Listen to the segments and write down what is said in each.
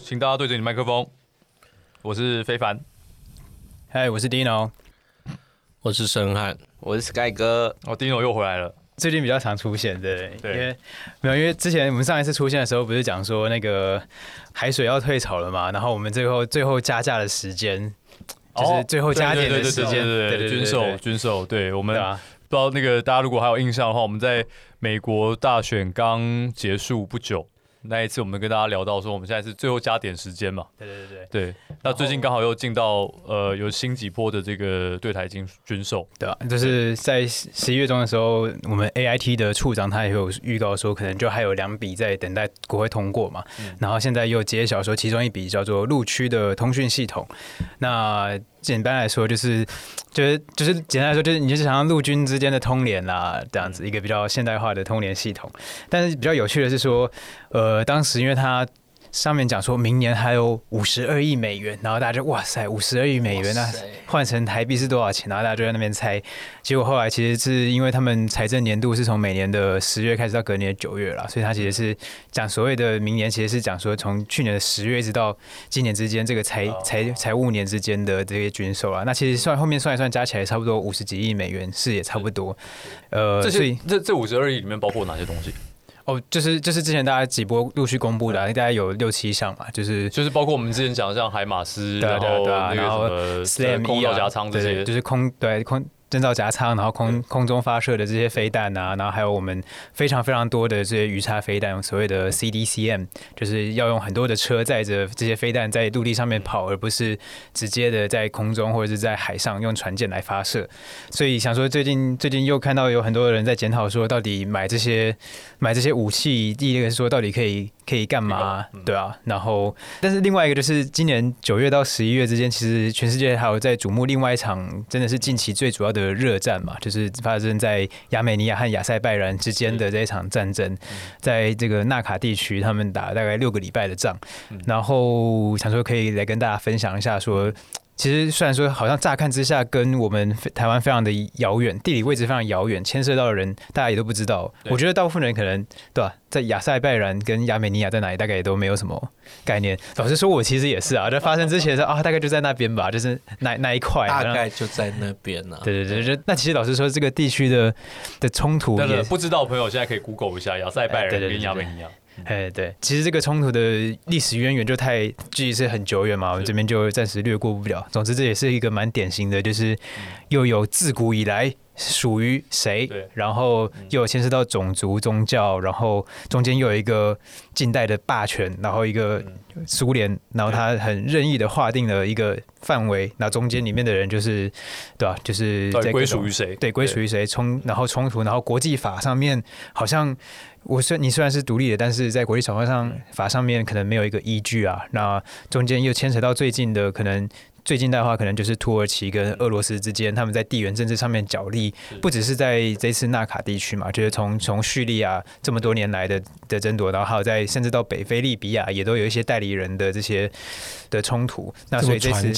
請大家對着你麥克風，我是非凡，嗨、hey，我是 Dino，我是申漢，我是 Sky 哥，哦，Dino 又回來了，最近比較常出現對，對，因為沒有，因為之前我們上一次出現的時候，不是講說那個海水要退潮了嘛，然後我們最後最後加價的時間，就是最後加點的時間，對對對，軍售軍售，對我們倆、啊、不知道那個大家如果還有印象的話，我們在美國大選剛結束不久。那一次我們跟大家聊到說，我們現在是最後加點時間嘛？對對對對。對，那最近剛好又進到呃有新幾波的這個對台軍軍售，對吧、啊？就是在十一月中的時候，我們 AIT 的處長他也有預告說，可能就還有兩筆在等待國會通過嘛。嗯、然後現在又揭曉說，其中一筆叫做陸區的通訊系統，那。簡單來說就是，就是就是簡單來說就是，你就是想要陸軍之間的通聯啦，這樣子一個比較現代化的通聯系統。但是比較有趣的是說，呃，當時因為他。上面講說明年還有五十二億美元，然後大家就哇塞，五十二億美元啊，那換成台幣是多少錢？然後大家就在那邊猜。結果後來其實是因為他們財政年度是從每年的十月開始到隔年的九月了，所以他其實是講所謂的明年，其實是講說從去年的十月一直到今年之間這個財財財務年之間的這些軍售啊。那其實算後面算一算，加起來差不多五十幾億美元，是也差不多。是是呃，這這這五十二億裡面包括哪些東西？哦、oh，就是就是之前大家幾波陸續公布的，啊嗯，大概有六七項吧，就是就是包括我們之前講的像海馬斯，嗯，然後對對對，啊，然後什麼，啊，空藥夾艙這些，就是空對，就是，空。對空人造夾艙，然後空空中發射的這些飛彈啊、嗯，然後還有我們非常非常多的這些魚叉飛彈，所謂的 CDCM，就是要用很多的車載着這些飛彈在陸地上面跑，而不是直接的在空中或者是在海上用船艦來發射。所以想說，最近最近又看到有很多人在檢討，說到底買這些買這些武器，第一個是說到底可以。可以幹嘛？對啊、嗯，啊、然後，但是另外一個就是，今年九月到十一月之間，其實全世界還有在矚目另外一場，真的是近期最主要的熱戰嘛，就是發生在亞美尼亞和亞塞拜然之間的這一場戰爭，在這個納卡地區，他們打了大概六個禮拜的仗，然後想說可以來跟大家分享一下說。其實雖然說好像乍看之下跟我們台灣非常的遙遠，地理位置非常遙遠，牽涉到的人大家也都不知道。我覺得大部分人可能對吧、啊，在亞塞拜然跟亞美尼亞在哪裡大概也都沒有什麼概念。嗯、老實說，我其實也是啊，在發生之前是啊，啊，啊，大概就在那邊吧，就是那，那一塊，大概就在那邊呢、啊。對對對，那其實老實說，這個地區的的衝突也，對不知道朋友現在可以 Google 一下亞塞拜然跟亞美尼亞。啊對對對。哎，對，其實這個衝突的歷史淵源就太，距離是很久遠嘛，我們這邊就暫時略過不了。總之，這也是一個蠻典型的，就是又有自古以來。屬於誰？然後又牽涉到種族、宗教，然後中間又有一個近代的霸權，然後一個蘇聯，然後他很任意的劃定了一個範圍，那中間裡面的人就是對吧、啊？就是在歸屬於誰？對，歸屬於誰？衝，然後衝突，然後國際法上面好像，我雖你雖然是獨立的，但是在國際場合上法上面可能沒有一個依據啊。那中間又牽扯到最近的可能。最近的話，可能就是土耳其跟俄羅斯之間，他們在地緣政治上面角力，不只是在這次納卡地區嘛，就是從從敘利亞這麼多年來的的爭奪，然後還有在甚至到北非利比亞，也都有一些代理人的這些的衝突。那所以這次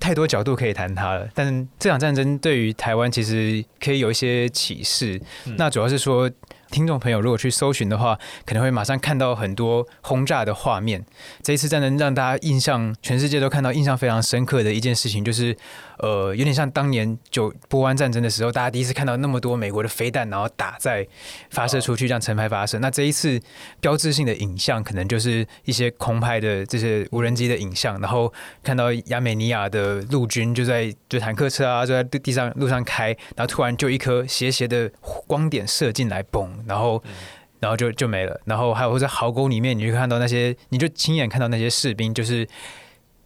太多角度可以談它了。但這場戰爭對於台灣其實可以有一些啟示。那主要是說。聽眾朋友，如果去搜尋的話，可能會馬上看到很多轟炸的畫面。這一次戰爭讓大家印象，全世界都看到印象非常深刻的一件事情，就是。呃，有點像當年就波灣戰爭的時候，大家第一次看到那麼多美國的飛彈，然後打在發射出去，哦、這樣成排發射。那這一次標誌性的影像，可能就是一些空拍的這些無人機的影像，嗯，然後看到亞美尼亞的陸軍就在就坦克車啊，就在地上路上開，然後突然就一顆斜斜的光點射進來，嘣，然後、嗯、然後就就沒了。然後還有在壕溝裡面，你就看到那些，你就親眼看到那些士兵就是。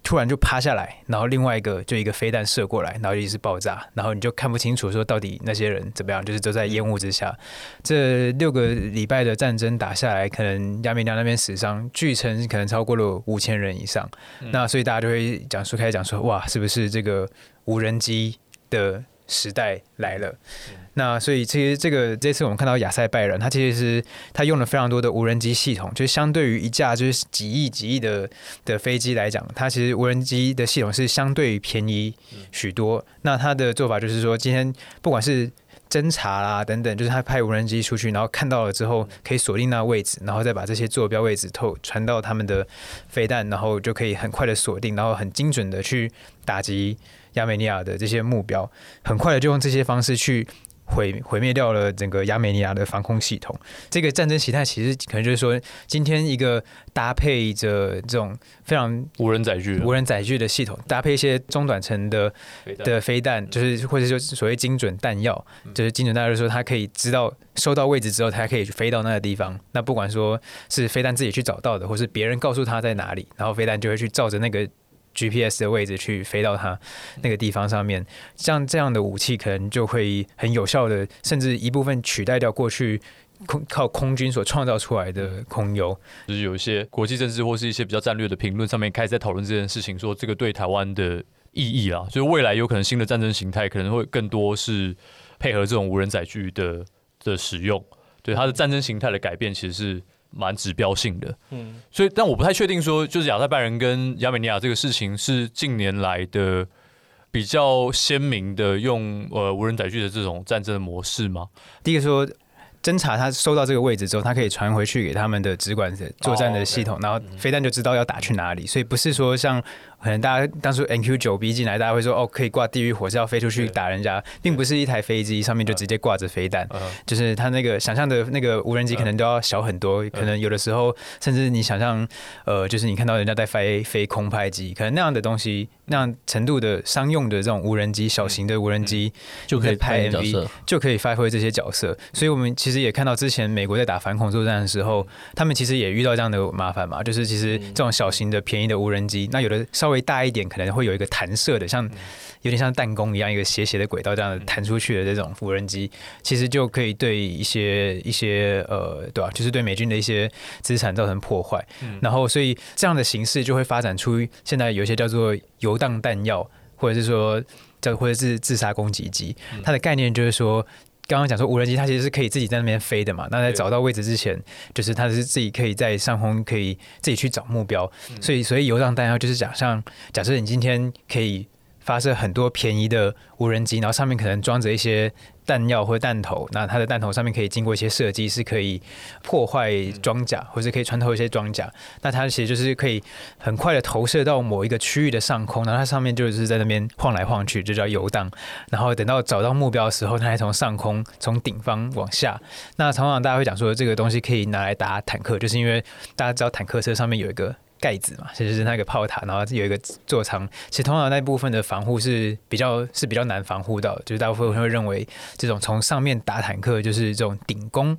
突然就趴下來，然後另外一個就一個飛彈射過來，然後一直爆炸，然後你就看不清楚說到底那些人怎麼樣，就是都在煙霧之下。這六個禮拜的戰爭打下來，可能亞美尼亞那邊死傷據稱，可能超過了五千人以上。嗯、那所以大家就會講，述，開始講說，哇，是不是這個無人機的？時代來了。嗯，那所以其實，這個這次我們看到亞塞拜然，他其實是他用了非常多的無人機系統，就相對於一架就是幾億幾億的的飛機來講，它其實無人機的系統是相對便宜許多。嗯。那他的做法就是說，今天不管是偵查啦，等等，就是他派無人機出去，然後看到了之後，可以鎖定那位置，然後再把這些坐標位置透傳到他們的飛彈，然後就可以很快的鎖定，然後很精準的去打擊亞美尼亞的這些目標，很快的就用這些方式去。毀毀滅掉了整個亞美尼亞的防空系統。這個戰爭形態其實可能就是說，今天一個搭配着這種非常無人載具、無人載具的系統，搭配一些中短程的的飛彈，就是或者說所謂精準彈藥，就是精準彈藥，說它可以知道收到位置之後，它可以去飛到那個地方。那不管說是飛彈自己去找到的，或是別人告訴它在哪裡，然後飛彈就會去照着那個。GPS 的位置去飛到它那個地方上面，像這樣的武器可能就會很有效的，甚至一部分取代掉過去空靠空軍所創造出來的空優。就是有一些國際政治或是一些比較戰略的評論上面開始在討論這件事情說，說這個對台灣的意義啊，所以未來有可能新的戰爭形態可能會更多是配合這種無人載具的的使用，對它的戰爭形態的改變其實是。蠻指標性的，嗯，所以但我不太確定說，就是亞塞拜然跟亞美尼亞這個事情是近年來的比較鮮明的用呃無人載具的這種戰爭模式嗎？第一個說偵查，他收到這個位置之後，他可以傳回去給他們的直管的作戰的系統，哦、然後飛彈就知道要打去哪裡，嗯、所以不是說像。可能大家當初 MQ 九 B 進來，大家會說哦，可以掛地獄火是要飛出去打人家，並不是一台飛機上面就直接掛着飛彈、嗯，就是他那個想象的那個無人機可能都要小很多。嗯、可能有的時候，甚至你想象，呃，就是你看到人家在飛飛空拍機，可能那樣的東西，那樣程度的商用的這種無人機，小型的無人機就可以拍 M V，就可以發揮這些角色。所以我們其實也看到之前美國在打反恐作戰的時候，他們其實也遇到這樣的麻煩嘛，就是其實這種小型的便宜的無人機，那有的稍。會大一點，可能會有一個彈射的，像有點像彈弓一樣，一個斜斜的軌道這樣彈出去的這種無人機，其實就可以對一些一些呃，對吧、啊？就是對美軍的一些資產造成破壞。嗯、然後，所以這樣的形式就會發展出現在有一些叫做遊蕩彈藥，或者是說叫或者是自殺攻擊機，它的概念就是說。剛剛講說無人機，它其實是可以自己在那邊飛的嘛。那在找到位置之前，就是它是自己可以在上空，可以自己去找目標。嗯、所以，所以遊蕩彈藥就是假象，假設你今天可以。發射很多便宜的無人機，然後上面可能裝着一些彈藥或者彈頭。那它的彈頭上面可以經過一些設計，是可以破壞裝甲或者可以穿透一些裝甲。那它其實就是可以很快的投射到某一個區域的上空，然後它上面就是在那邊晃來晃去，就叫遊蕩。然後等到找到目標的時候，它還從上空從頂方往下。那常常大家會講說這個東西可以拿來打坦克，就是因為大家知道坦克車上面有一個。蓋子嘛，其實是那個炮塔，然後有一個座艙。其實通常那部分的防護是比較是比較難防護到的，就是大部分會認為這種從上面打坦克就是這種頂攻，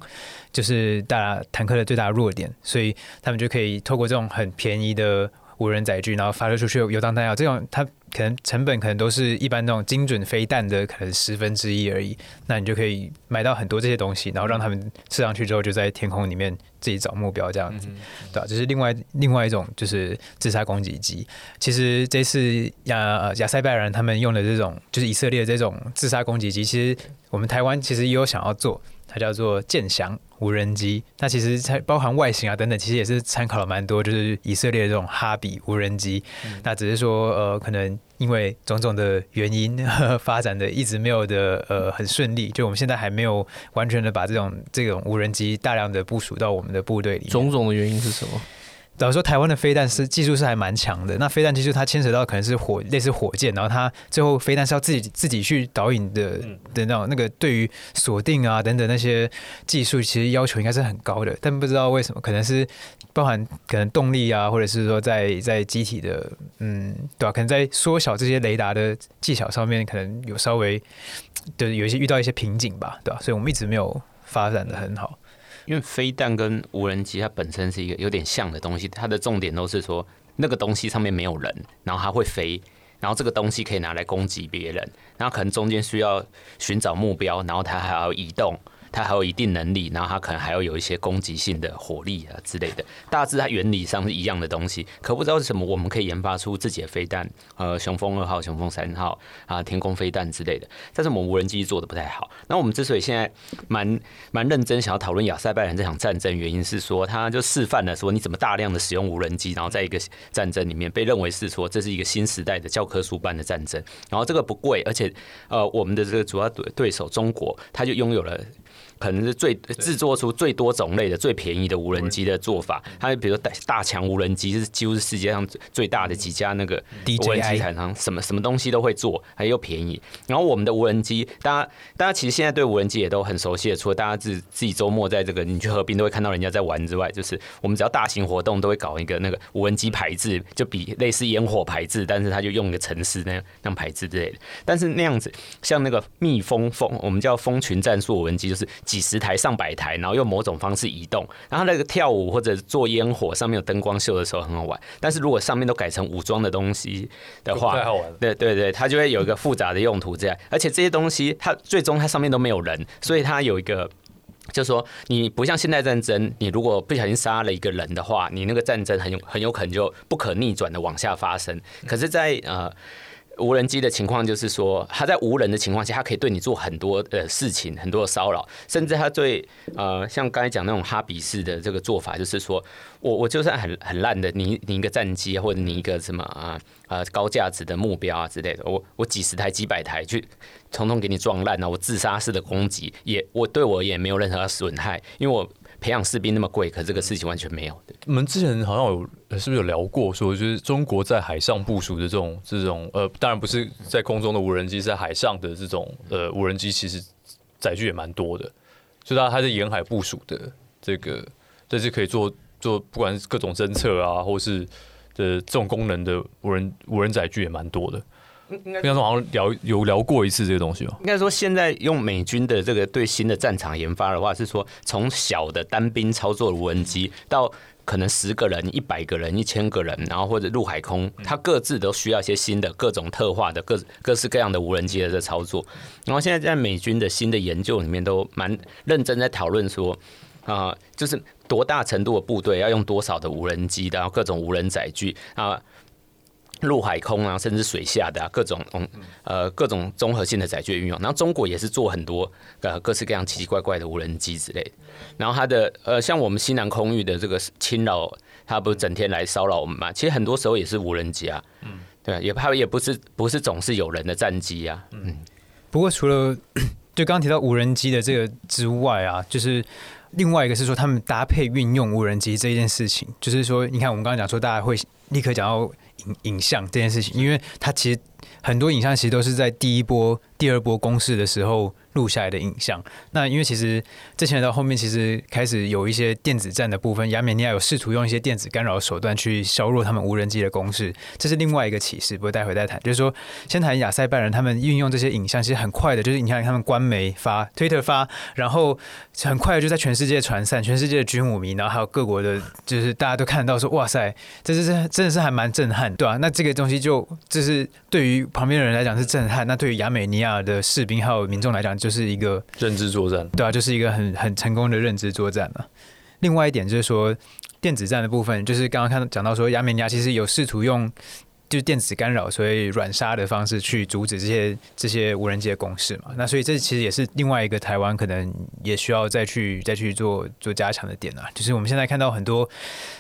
就是大坦克的最大的弱點，所以他們就可以透過這種很便宜的無人載具，然後發射出去遊蕩彈藥。這種它。可能成本可能都是一般那種精準飛彈的可能十分之一而已，那你就可以買到很多這些東西，然後讓他們吃上去之後就在天空裡面自己找目標這樣子，嗯哼嗯哼對吧？就是另外另外一種就是自殺攻擊機。其實這次亞、呃、亞塞拜然他們用的這種就是以色列的這種自殺攻擊機，其實我們台灣其實也有想要做。它叫做劍翔無人機，那其實包含外形啊等等，其實也是參考了蠻多，就是以色列的這種哈比無人機。嗯。那只是說，呃，可能因為種種的原因，呵呵，發展的一直沒有的呃很順利，就我們現在還沒有完全的把這種這種無人機大量的部署到我們的部隊裡面。種種的原因是什麼？假如說台灣的飛彈是技術是還蠻強的，那飛彈技術它牽扯到可能是火類似火箭，然後它最後飛彈是要自己自己去導引的的那種那個對於鎖定啊等等那些技術，其實要求應該是很高的，但不知道為什麼，可能是包含可能動力啊，或者是說在在機體的嗯對吧、啊？可能在縮小這些雷達的技巧上面，可能有稍微就是有一些遇到一些瓶頸吧，對吧、啊？所以我們一直沒有發展的很好。因為飛彈跟無人機，它本身是一個有點像的東西，它的重點都是說那個東西上面沒有人，然後它會飛，然後這個東西可以拿來攻擊別人，然後可能中間需要尋找目標，然後它還要移動。它還有一定能力，然後它可能還要有一些攻擊性的火力啊之類的，大致它原理上是一樣的東西。可不知道是什麼，我們可以研發出自己的飛彈，呃，雄風二號、雄風三號啊、呃，天空飛彈之類的。但是我們無人機做的不太好。那我們之所以現在蠻蠻認真想要討論亞塞拜然這場戰爭，原因是說，他就示範了說你怎麼大量的使用無人機，然後在一個戰爭裡面被認為是說這是一個新時代的教科書般的戰爭。然後這個不貴，而且呃，我們的這個主要對對手中國，他就擁有了。可能是最製作出最多種類的，最便宜的無人機的做法。它，比如大大疆無人機是幾乎是世界上最大的幾家那個 DJI 廠商，什麼什麼東西都會做，還又便宜。然後我們的無人機，大家大家其實現在對無人機也都很熟悉的，除了大家自自己週末在這個你去河邊都會看到人家在玩之外，就是我們只要大型活動都會搞一個那個無人機排字，就比類似煙火排字。但是它就用一個城市那樣那樣排字之類的。但是那樣子像那個蜜蜂蜂，我們叫蜂群戰術無人機，就是。幾十台、上百台，然後用某種方式移動，然後那個跳舞或者做煙火，上面有燈光秀的時候很好玩。但是如果上面都改成武裝的東西的話，對對對，它就會有一個複雜的用途這樣，而且這些東西，它最終它上面都沒有人，所以它有一個，就是說你不像現代戰爭，你如果不小心殺了一個人的話，你那個戰爭很有很有可能就不可逆轉的往下發生。可是，在呃。無人機的情況就是說，它在無人的情況下，它可以對你做很多呃事情，很多騷擾，甚至它對呃像剛才講那種哈比式的這個做法，就是說我我就算很很爛的，你你一個戰機或者你一個什麼啊啊、呃、高價值的目標啊之類的，我我幾十台幾百台去，統統給你撞爛了，啊，我自殺式的攻擊也我對我也沒有任何損害，因為我。培養士兵那麼貴，可這個事情完全沒有。我們之前好像有，是不是有聊過說，說就是中國在海上部署的這種這種，呃，當然不是在空中的無人機，是在海上的這種呃無人機，其實載具也蠻多的。就它，它是沿海部署的這個，但是可以做做，不管是各種偵測啊，或是這種功能的無人無人載具也蠻多的。應該說好像聊有聊過一次這個東西哦，應該說現在用美軍的這個對新的戰場研發的話，是說從小的單兵操作無人機到可能十個人、一百個人、一千個人，然後或者陸海空，它各自都需要一些新的各種特化的各各式各樣的無人機的這個操作。然後現在在美軍的新的研究裡面都蠻認真在討論說啊、呃，就是多大程度的部隊要用多少的無人機，然後各種無人載具啊。呃陸海空啊，甚至水下的、啊、各種、嗯，呃，各種綜合性的載具運用。然後中國也是做很多，呃，各式各樣奇奇怪怪的無人機之類的。然後它的，呃，像我們西南空域的這個侵擾，它不是整天來騷擾我們嘛？其實很多時候也是無人機啊，嗯、對，也怕，也不是，不是總是有人的戰機啊。嗯。不過除了，就剛剛提到無人機的這個之外啊，就是另外一個是說，他們搭配運用無人機這件事情，就是說，你看我們剛剛講說，大家會立刻講到。影像這件事情，因為它其實很多影像其實都是在第一波、第二波攻勢的時候。錄下來的影像，那因為其實之前到後面，其實開始有一些電子戰的部分，亞美尼亞有試圖用一些電子干擾手段去削弱他們無人機的攻勢，這是另外一個啟示，不過待會再談。就是說，先談亞塞拜然他們運用這些影像，其實很快的，就是你看他們官媒發、推特發，然後很快就在全世界傳散，全世界的軍武迷，然後還有各國的，就是大家都看到說，哇塞，這這這真的是還蠻震撼，對啊，那這個東西就這、就是對於旁邊的人來講是震撼，那對於亞美尼亞的士兵還有民眾來講。就是一個認知作戰，對啊，就是一個很很成功的認知作戰了。另外一點就是說，電子戰的部分，就是剛剛看到講到說，亞美尼亞其實有試圖用。就是電子干擾，所以軟殺的方式去阻止這些這些無人機的攻勢嘛。那所以這其實也是另外一個台灣可能也需要再去再去做做加強的點啊。就是我們現在看到很多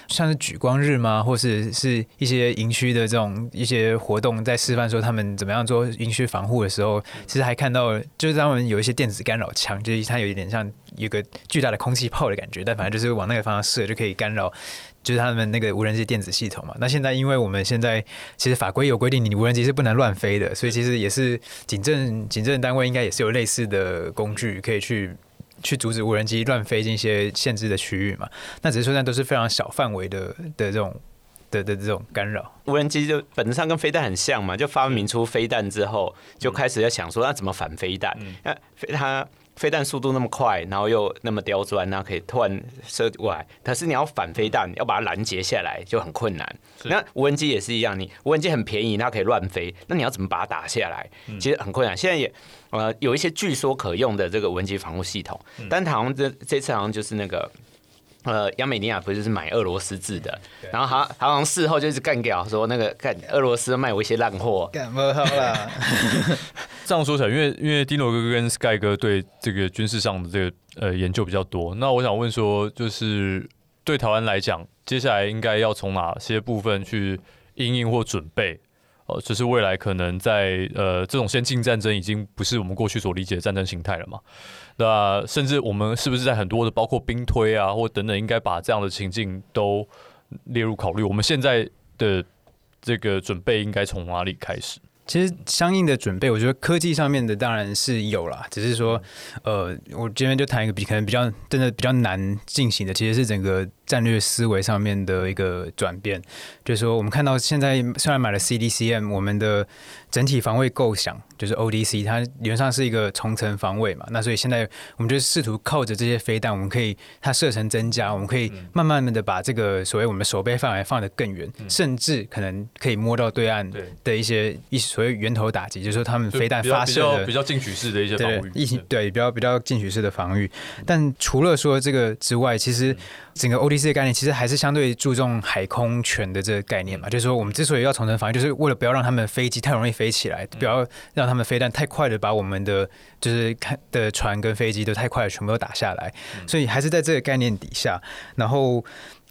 像是莒光日嘛，或是是一些營區的這種一些活動，在示範說他們怎麼樣做營區防護的時候，其實還看到就是他們有一些電子干擾槍，就是它有一點像一個巨大的空氣炮的感覺，但反正就是往那個方向射就可以干擾。就是他們那個無人機電子系統嘛，那現在因為我們現在其實法規有規定，你無人機是不能亂飛的，所以其實也是警政警政單位應該也是有類似的工具可以去去阻止無人機亂飛進一些限制的區域嘛。那只是說那都是非常小範圍的的這種，的的這種干擾。無人機就本質上跟飛彈很像嘛，就發明出飛彈之後，就開始在想說那怎麼反飛彈，嗯。那它。飛彈速度那麼快，然後又那麼刁鑽，然後可以突然射過來。可是你要反飛彈，要把它攔截下來就很困難。那無人機也是一樣，你無人機很便宜，那可以亂飛，那你要怎麼把它打下來，嗯？其實很困難。現在也呃有一些據說可用的這個無人機防護系統，嗯、但好像這這次好像就是那個。呃，亞美尼亞不是就是買俄羅斯制的、嗯？然後好，好像，事後就一直幹掉，說那個幹，俄羅斯賣我一些爛貨。幹不好啦 。這樣說起來，因為因為丁羅哥哥跟 Sky 哥對這個軍事上的這個呃研究比較多，那我想問說，就是對台灣來講，接下來應該要從哪些部分去因應或準備？呃，就是未來可能在呃這種先進戰爭已經不是我們過去所理解的戰爭形態了嘛？那甚至我們是不是在很多的包括兵推啊、或等等，應該把這樣的情境都列入考慮？我們現在的這個準備應該從哪裡開始？其實相應的準備，我覺得科技上面的當然是有啦，只是說，呃，我今天就談一個比可能比較真的比較難進行的，其實是整個。戰略思維上面的一個轉變，就是說，我們看到現在雖然買了 CDCM，我們的整體防衛構想就是 ODC，它理論上是一個重層防衛嘛。那所以現在我們就試圖靠着這些飛彈，我們可以它射程增加，我們可以慢慢的把這個所謂我們守備範圍放得更遠，嗯，甚至可能可以摸到對岸的一些一所謂源頭打擊，嗯，就是說他們飛彈發射比較進取式的一些防禦，對對，比較比較進取式的防禦，嗯。但除了說這個之外，其實，嗯整個 ODC 的概念，其實還是相對注重海空權的這個概念嘛，就是說我們之所以要重整防禦，就是為了不要讓他們飛機太容易飛起來，不要讓他們飛彈太快的把我們的就是看的船跟飛機都太快的全部都打下來，所以還是在這個概念底下，然後。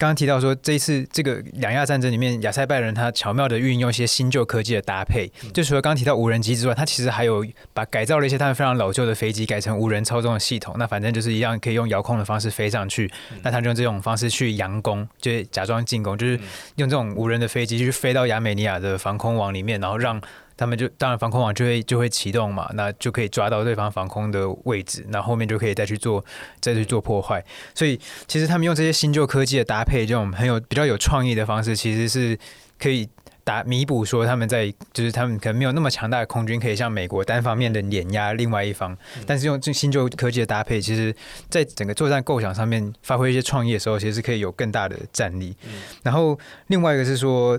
剛剛提到說，這一次這個兩亞戰爭裡面，亞塞拜然他巧妙地運用一些新舊科技的搭配，嗯，就除了剛提到無人機之外，他其實還有把改造了一些他們非常老舊的飛機，改成無人操縱的系統。那反正就是一樣可以用遙控的方式飛上去，嗯，那他就用這種方式去佯攻，就假裝進攻，就是用這種無人的飛機去飛到亞美尼亞的防空網裡面，然後讓。他們就當然防空網就會就會啟動嘛，那就可以抓到對方防空的位置，那後，後面就可以再去做再去做破壞。所以其實他們用這些新舊科技的搭配，這種很有比較有創意的方式，其實是可以達彌補說他們在就是他們可能沒有那麼強大的空軍，可以向美國單方面的碾壓另外一方。嗯、但是用這新舊科技的搭配，其實在整個作戰構想上面發揮一些創意的時候，其實是可以有更大的戰力。嗯、然後另外一個是說。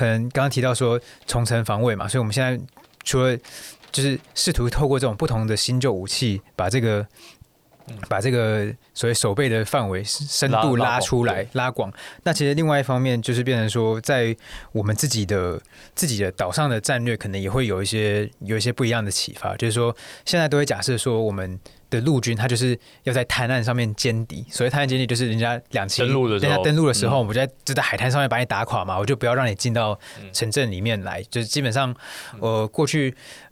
可能剛剛提到說重層防衛嘛，所以我們現在除了就是試圖透過這種不同的新舊武器，把這個、嗯、把這個所謂守備的範圍深度拉出來拉，拉，廣拉廣。那其實另外一方面就是變成說，在我們自己的自己的島上的戰略，可能也會有一些有一些不一樣的啟發。就是說，現在都會假設說我們。的陸軍，他就是要在灘岸上面殲敵，所謂灘岸殲敵，就是人家兩棲，人家登陸的時候，我們就在、嗯、就在海灘上面把你打垮嘛，我就不要讓你進到城鎮裡面來、嗯，就是基本上，我、呃、過去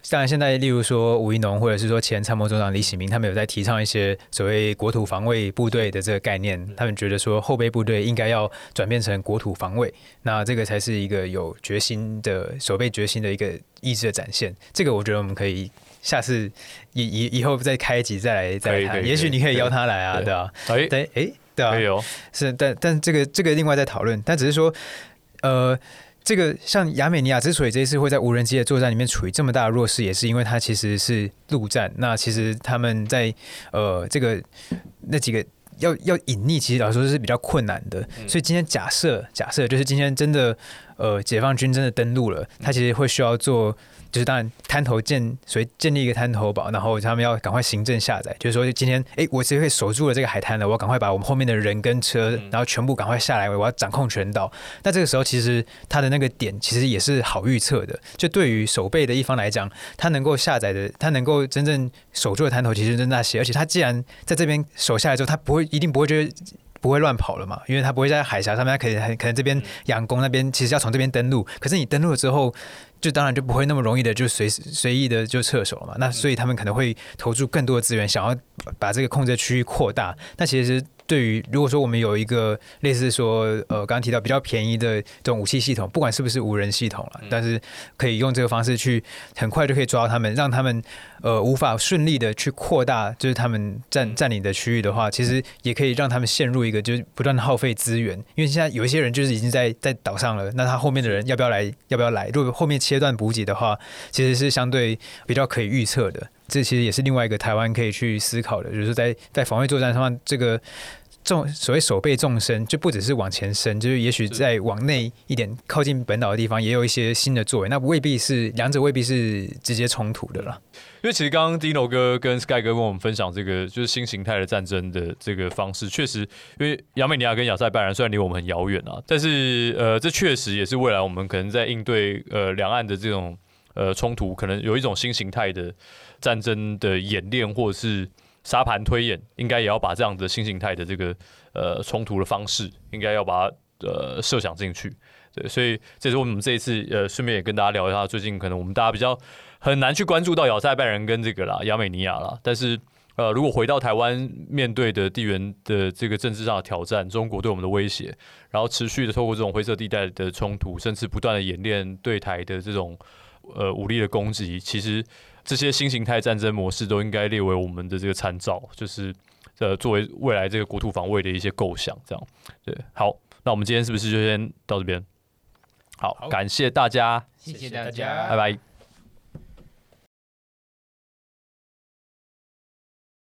當然現在，例如說吳怡農或者是說前參謀總長李喜明，他們有在提倡一些所謂國土防衛部隊的這個概念、嗯，他們覺得說後備部隊應該要轉變成國土防衛，那這個才是一個有決心的守備決心的一個意志的展現，這個我覺得我們可以。下次以，以以以後再開一集再來再談，也許你可以邀他來啊，對啊，哎，對，哎，對啊，對對欸、對啊是，但但這個這個另外再討論。但只是說，呃，這個像亞美尼亞之所以這一次會在無人機的作戰裡面處於這麼大的弱勢，也是因為它其實是陸戰。那其實他們在呃這個那幾個要要隱匿，其實老實說是比較困難的。嗯、所以今天假設假設，就是今天真的呃解放軍真的登陸了，他其實會需要做。就是當然，灘頭建，所以建立一個灘頭堡，然後他們要趕快行政下載。就是說，今天誒、欸，我只會守住了這個海灘了，我要趕快把我們後面的人跟車，然後全部趕快下來，我要掌控全島、嗯。那這個時候，其實他的那個點其實也是好預測的。就對於守備的一方來講，他能夠下載的，他能夠真正守住的灘頭，其實就是那些。而且他既然在這邊守下來之後，他不會一定不會覺得不會亂跑了嘛，因為他不會在海峽上面，他可以可能這邊佯攻那邊，其實要從這邊登陸。可是你登陸了之後。就當然就不會那麼容易的就隨隨意的就撤手了嘛。那所以他們可能會投入更多的資源，想要把這個控制區域擴大。嗯。那其實對於如果說我們有一個類似說呃剛剛提到比較便宜的這種武器系統，不管是不是無人系統了。嗯，但是可以用這個方式去很快就可以抓到他們，讓他們呃無法順利的去擴大，就是他們佔佔領的區域的話，其實也可以讓他們陷入一個就是不斷耗費資源。因為現在有一些人就是已經在在島上了，那他後面的人要不要來要不要來？如果後面。階段補給的話，其實是相對比較可以預測的。這其實也是另外一個台灣可以去思考的，就是在在防衛作戰上這個。這種所謂手背縱深就不只是往前伸，就是也許再往內一點靠近本島的地方也有一些新的作為，那未必是兩者未必是直接衝突的啦。因為其實剛剛 Dino 哥跟 Sky 哥跟我們分享這個就是新形態的戰爭的這個方式，確實，因為亞美尼亞跟亞塞拜然雖然離我們很遙遠啊，但是呃，這確實也是未來我們可能在應對呃兩岸的這種呃衝突，可能有一種新形態的戰爭的演練，或者是。沙盤推演應該也要把這樣的新形態的這個呃衝突的方式，應該要把它呃設想進去。對，所以這是我們這一次呃，順便也跟大家聊一下最近可能我們大家比較很難去關注到亞塞拜然跟這個啦、亞美尼亞啦。但是呃，如果回到台灣面對的地緣的這個政治上的挑戰，中國對我們的威脅，然後持續的透過這種灰色地帶的衝突，甚至不斷的演練對台的這種呃武力的攻擊，其實。這些新型態戰爭模式都應該列為我們的這個參照，就是呃，作為未來這個國土防衛的一些構想，這樣。對，好，那我們今天是不是就先到這邊？好，感謝大家，謝謝大家，拜拜。謝謝